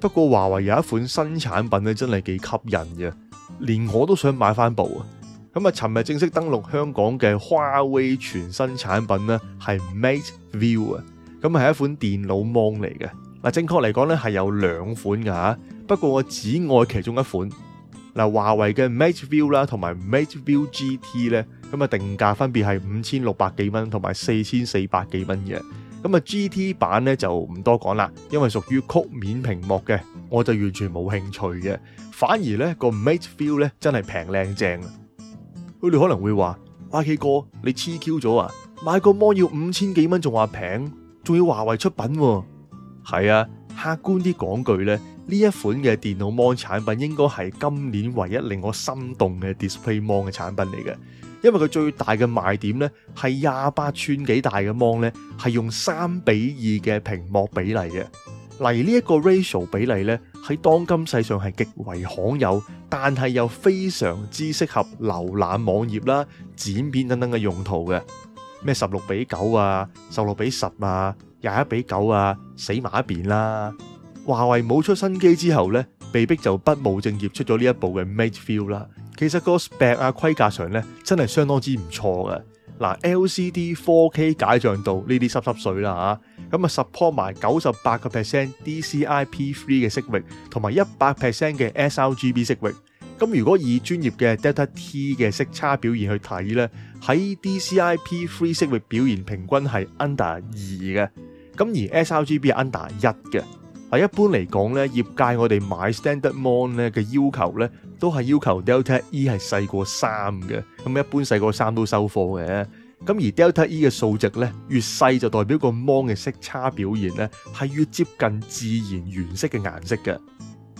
不過華為有一款新產品咧，真係幾吸引嘅，連我都想買翻部啊！咁啊，尋日正式登陸香港嘅華為全新產品咧，係 Mate View 啊，咁係一款電腦芒嚟嘅。嗱，正確嚟講咧係有兩款噶吓，不過我只愛其中一款。嗱，華為嘅 Mate View 啦，同埋 Mate View GT 咧，咁啊定價分別係五千六百幾蚊同埋四千四百幾蚊嘅。咁啊，GT 版咧就唔多講啦，因為屬於曲面屏幕嘅，我就完全冇興趣嘅。反而咧個 Mate View 咧真係平靚正啊！佢哋可能會話，I K 哥你黐 Q 咗啊？買個 Mon 要五千幾蚊，仲話平，仲要華為出品喎、啊？係啊，客觀啲講句咧。呢一款嘅電腦 Mon 產品應該係今年唯一令我心動嘅 Display Mon 嘅產品嚟嘅，因為佢最大嘅賣點呢係廿八寸幾大嘅 Mon 呢 n 係用三比二嘅屏幕比例嘅。嚟呢一個 ratio 比例呢喺當今世上係極為罕有，但係又非常之適合瀏覽網頁啦、剪片等等嘅用途嘅。咩十六比九啊、十六比十啊、廿一比九啊，死埋一邊啦～華為冇出新機之後咧，被逼就不務正業出咗呢一部嘅 Mateview 啦。其實個 Spec 啊，規格上咧真係相當之唔錯嘅。嗱 LCD 4K 解像度呢啲濕濕水啦嚇，咁啊 support 埋九十八個 percent DCI P3 嘅色域，同埋一百 percent 嘅 sRGB 色域。咁如果以專業嘅 Delta T 嘅色差表現去睇咧，喺 DCI P3 色域表現平均係 under 二嘅，咁而 sRGB 係 under 一嘅。嗱，一般嚟講咧，業界我哋買 standard mon 咧嘅要求咧，都係要求 delta E 係細過三嘅。咁一般細過三都收貨嘅。咁而 delta E 嘅數值咧，越細就代表個 mon 嘅色差表現咧，係越接近自然原色嘅顏色嘅。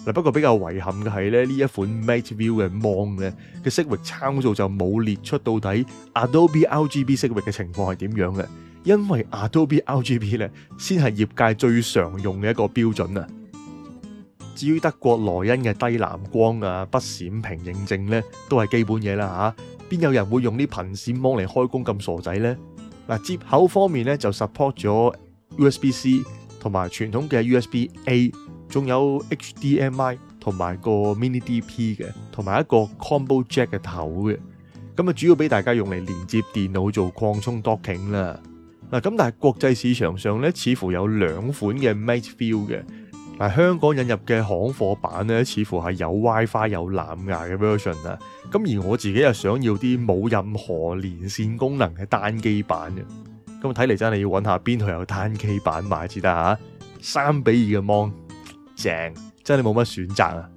嗱，不過比較遺憾嘅係咧，呢一款 Mate View 嘅 mon 咧嘅色域參數就冇列出到底 Adobe RGB 色域嘅情況係點樣嘅。因為 Adobe RGB 咧，先係業界最常用嘅一個標準啊。至於德國萊茵嘅低藍光啊、不閃屏認證呢都係基本嘢啦吓，邊、啊、有人會用啲頻閃芒嚟開工咁傻仔呢？嗱、nah，接口方面呢就 support 咗 U S B C 同埋傳統嘅 U S B A，仲有 H D M I 同埋個 Mini D P 嘅，同埋一個 Combo Jack 嘅頭嘅。咁啊，主要俾大家用嚟連接電腦做擴充 Docking 啦。嗱，咁但係國際市場上咧，似乎有兩款嘅 Mateview 嘅，嗱，香港引入嘅行貨版咧，似乎係有 WiFi 有藍牙嘅 version 啊，咁而我自己又想要啲冇任何連線功能嘅單機版嘅，咁睇嚟真係要揾下邊度有單機版買至得嚇，三比二嘅 Mon 正，真係冇乜選擇啊！